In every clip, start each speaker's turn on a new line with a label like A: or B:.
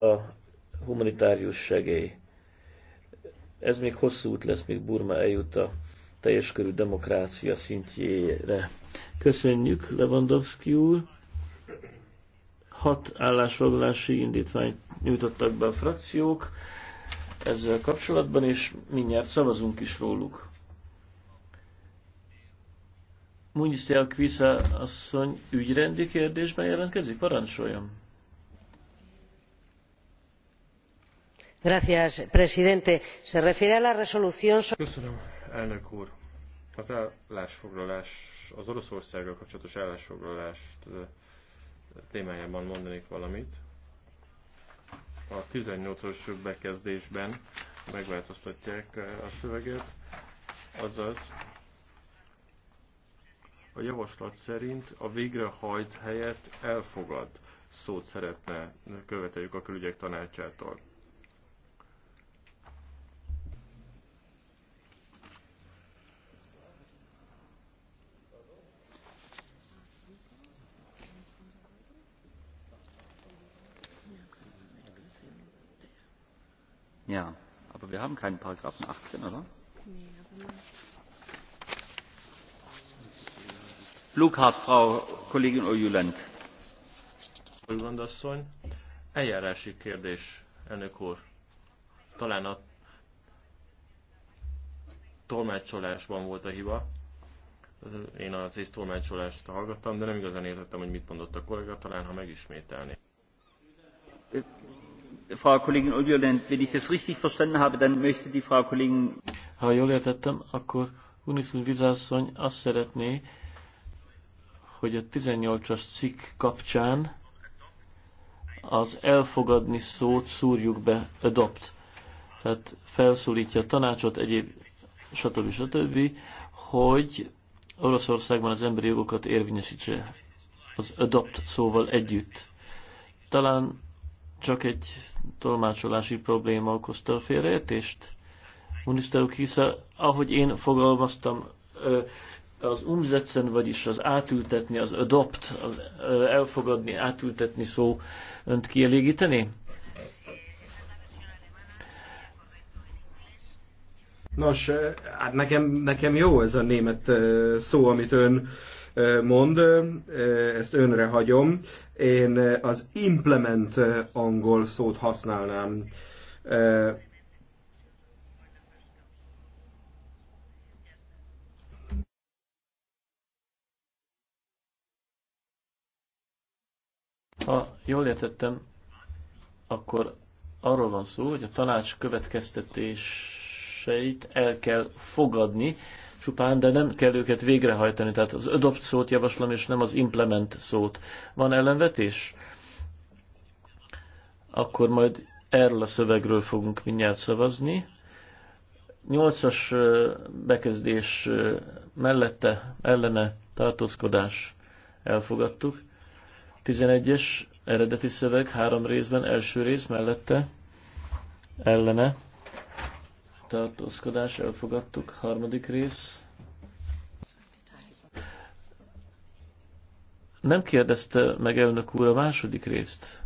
A: a humanitárius segély. Ez még hosszú út lesz, még Burma eljut a teljes körű demokrácia szintjére. Köszönjük, Lewandowski úr! Hat állásfoglalási indítványt nyújtottak be a frakciók ezzel kapcsolatban, és mindjárt szavazunk is róluk. Munisztel Kvisa asszony ügyrendi kérdésben jelentkezik? Parancsoljon!
B: señor presidente se refiere a la resolución. köszönöm elnök úr az állásfoglalás az oroszországgal kapcsolatos témájában mondanék valamit. a eighteen os bekezdésben megváltoztatják a szöveget azaz a javaslat szerint a végrehajt helyett elfogad szót szeretne követeljük a külügyek tanácsától.
A: Aber wir haben keinen Paragraphen 18, oder?
B: Nee, Frau Kollegin Ojuland. Ojuland asszony, eljárási kérdés, elnök úr. Talán a tolmácsolásban volt a hiba. Én az ész tolmácsolást hallgattam, de nem igazán értettem, hogy mit mondott a kollega, talán ha megismételni.
A: Frau Kollegin wenn ich das richtig verstanden habe, dann möchte die Frau Kollegin... Ha jól értettem, akkor Uniszul Vizászony azt szeretné, hogy a 18-as cikk kapcsán az elfogadni szót szúrjuk be, adopt. Tehát felszólítja a tanácsot, egyéb stb. stb., hogy Oroszországban az emberi jogokat érvényesítse az adopt szóval együtt. Talán csak egy tolmácsolási probléma okozta a félreértést? Miniszter hisz ahogy én fogalmaztam, az umzetszen, vagyis az átültetni, az adopt, az elfogadni, átültetni szó önt kielégíteni?
B: Nos, hát nekem, nekem jó ez a német szó, amit ön mond, ezt önre hagyom. Én az implement angol szót használnám.
A: Ha jól értettem, akkor arról van szó, hogy a tanács következtetéseit el kell fogadni, csupán, de nem kell őket végrehajtani. Tehát az adopt szót javaslom, és nem az implement szót. Van ellenvetés? Akkor majd erről a szövegről fogunk mindjárt szavazni. Nyolcas bekezdés mellette, ellene tartózkodás elfogadtuk. 11-es eredeti szöveg három részben, első rész mellette, ellene tartózkodás, elfogadtuk. Harmadik rész. Nem kérdezte meg elnök úr a második részt.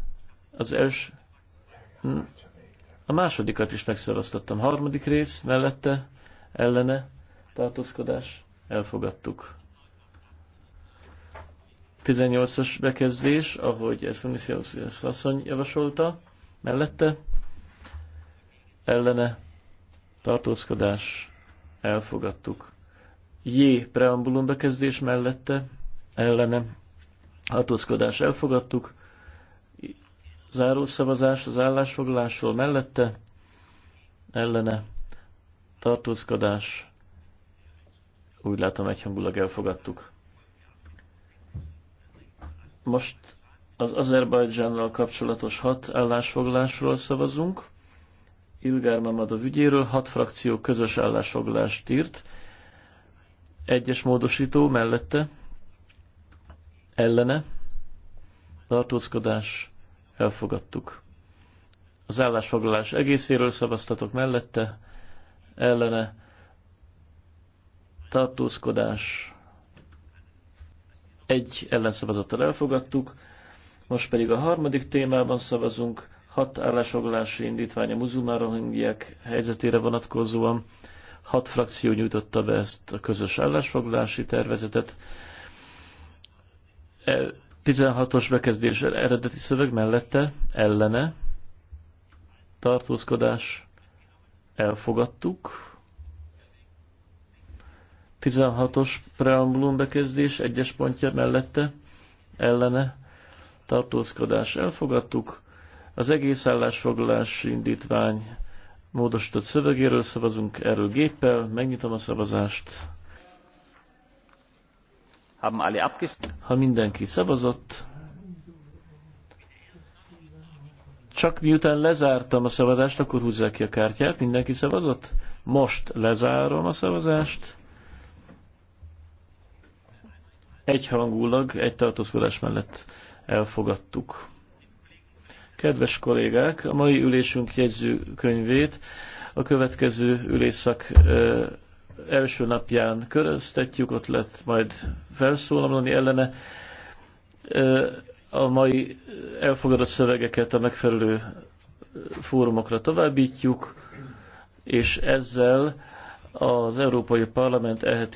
A: Az első... A másodikat is megszavaztattam. Harmadik rész, mellette, ellene, tartózkodás, elfogadtuk. 18-as bekezdés, ahogy ez Fonisziusz asszony javasolta, mellette, ellene, tartózkodás, elfogadtuk. J. preambulum bekezdés mellette, ellene, tartózkodás, elfogadtuk. Zárószavazás az állásfoglalásról mellette, ellene, tartózkodás, úgy látom egyhangulag elfogadtuk. Most az Azerbajdzsánnal kapcsolatos hat állásfoglalásról szavazunk. Ilgár Mamadov ügyéről hat frakció közös állásfoglalást írt. Egyes módosító mellette, ellene, tartózkodás, elfogadtuk. Az állásfoglalás egészéről szavaztatok mellette, ellene, tartózkodás, egy ellenszavazattal elfogadtuk. Most pedig a harmadik témában szavazunk, hat állásfoglalási indítvány a muzulmán rohingyák helyzetére vonatkozóan. Hat frakció nyújtotta be ezt a közös állásfoglalási tervezetet. 16-os e, bekezdés eredeti szöveg mellette, ellene, tartózkodás, elfogadtuk. 16-os preambulum bekezdés egyes pontja mellette, ellene, tartózkodás, elfogadtuk. Az egész állásfoglalás indítvány módosított szövegéről szavazunk, erről géppel, megnyitom a szavazást. Ha mindenki szavazott, csak miután lezártam a szavazást, akkor húzzák ki a kártyát. Mindenki szavazott? Most lezárom a szavazást. Egyhangulag, egy tartózkodás mellett elfogadtuk. Kedves kollégák, a mai ülésünk könyvét a következő ülésszak első napján köröztetjük, ott lett majd felszólalni ellene. A mai elfogadott szövegeket a megfelelő fórumokra továbbítjuk, és ezzel az Európai Parlament eheti